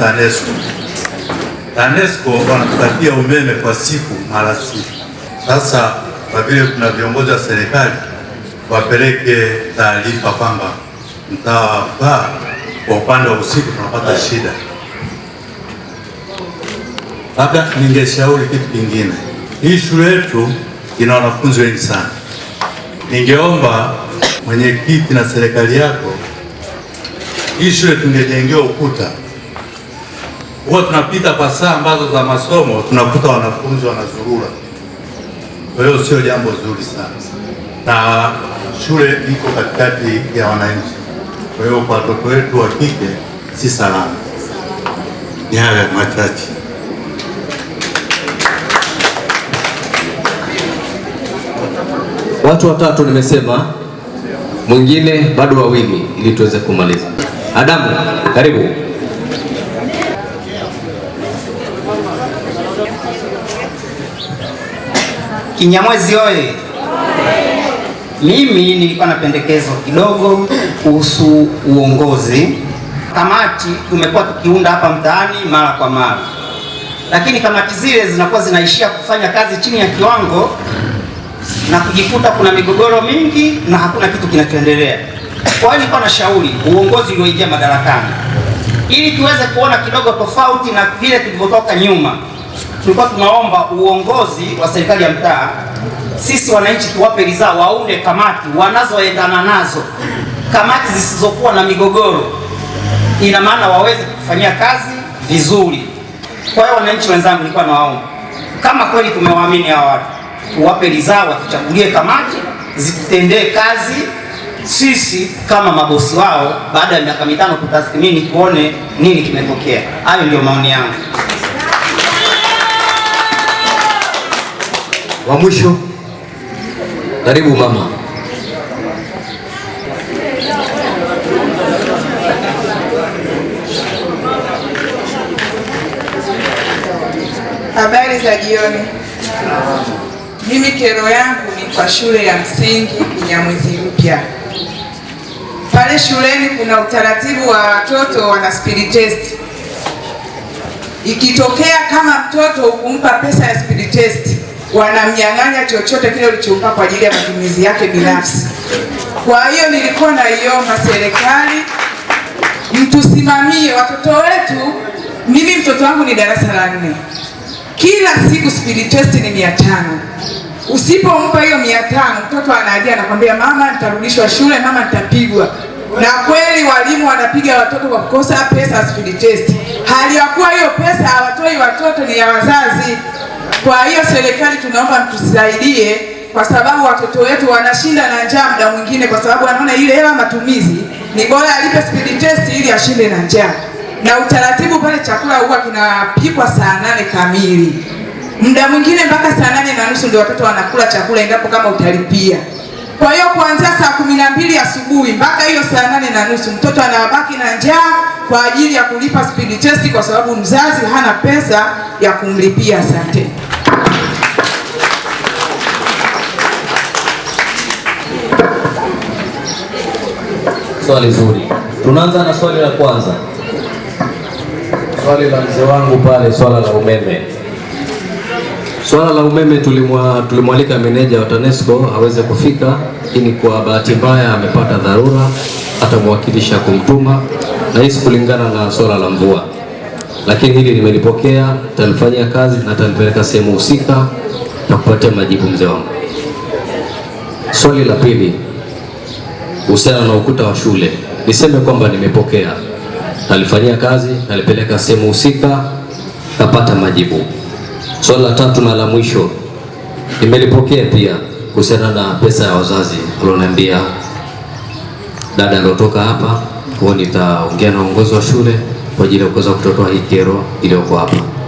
TANESCO. TANESCO wanatukatia umeme kwa siku mara sita. Sasa kwa vile kuna viongozi wa serikali wapeleke taarifa kwamba mtaa ba kwa upande wa usiku tunapata shida, labda ningeshauri kitu kingine. Hii shule yetu ina wanafunzi wengi sana, ningeomba mwenyekiti na serikali yako, hii shule tungejengewa ukuta huwa tunapita kwa saa ambazo za masomo tunakuta wanafunzi wanazurura. Kwa hiyo sio jambo zuri sana, na shule iko katikati ya wananchi. Kwa hiyo kwa watoto wetu wa kike si salama. Ni haya machache. Watu watatu nimesema, mwingine bado wawili, ili tuweze kumaliza. Adamu, karibu. Kinyamwezi oye! Mimi nilikuwa na pendekezo kidogo kuhusu uongozi. Kamati tumekuwa tukiunda hapa mtaani mara kwa mara, lakini kamati zile zinakuwa zinaishia kufanya kazi chini ya kiwango na kujikuta kuna migogoro mingi na hakuna kitu kinachoendelea. Kwa hiyo nilikuwa na shauri uongozi ulioingia madarakani, ili tuweze kuona kidogo tofauti na vile tulivyotoka nyuma tulikuwa tunaomba uongozi wa serikali ya mtaa, sisi wananchi tuwape ridhaa, waunde kamati wanazoendana nazo, kamati zisizokuwa na migogoro, ina maana waweze kufanyia kazi vizuri. Kwa hiyo wananchi wenzangu, nilikuwa nawaomba kama kweli tumewaamini hawa watu, tuwape ridhaa, watuchagulie kamati zitutendee kazi sisi kama mabosi wao. Baada ya miaka mitano kutathmini, tuone nini kimetokea. Hayo ndio maoni yangu. wa mwisho. Karibu mama. Habari za jioni. Mimi kero yangu ni kwa shule ya msingi mwezi Mpya. Pale shuleni kuna utaratibu wa watoto wana spirit test. Ikitokea kama mtoto ukumpa pesa ya spirit test wanamnyang'anya chochote kile ulichompa kwa ajili ya matumizi yake binafsi. Kwa hiyo nilikuwa naiomba serikali mtusimamie watoto wetu. Mimi mtoto wangu ni darasa la nne, kila siku speed test ni mia tano. Usipompa hiyo mia tano, mtoto anaajia anakwambia, mama, nitarudishwa shule, mama, nitapigwa. Na kweli walimu wanapiga watoto kwa kukosa pesa speed test, hali ya kuwa hiyo pesa hawatoi watoto, ni ya wazazi. Kwa hiyo serikali, tunaomba mtusaidie, kwa sababu watoto wetu wanashinda na njaa muda mwingine, kwa sababu anaona ile hela matumizi ni bora alipe speed test ili ashinde na njaa. Na utaratibu pale, chakula huwa kinapikwa saa nane kamili, muda mwingine mpaka saa nane na nusu ndio watoto wanakula chakula, endapo kama utalipia kwa hiyo kuanzia saa kumi na mbili asubuhi mpaka hiyo saa nane na nusu mtoto anabaki na njaa kwa ajili ya kulipa speed test, kwa sababu mzazi hana pesa ya kumlipia. Asante. Swali zuri. Tunaanza na swali la kwanza, swali la mzee wangu pale, swala la umeme. Swala la umeme tulimwalika meneja wa TANESCO aweze kufika, lakini kwa bahati mbaya amepata dharura, atamwakilisha kumtuma na hisi kulingana na swala la mvua, lakini hili nimelipokea, talifanyia kazi na talipeleka sehemu husika na kupatia majibu mzee wangu. Swali la pili husiana na ukuta wa shule, niseme kwamba nimepokea, nalifanyia kazi, nalipeleka sehemu husika, kapata majibu. Swali la tatu na la mwisho nimelipokea pia kuhusiana na pesa ya wazazi, alioniambia dada aliotoka hapa, kwa nitaongea na uongozi wa shule kwa ajili ya kuweza kutotoa hii kero iliyoko hapa.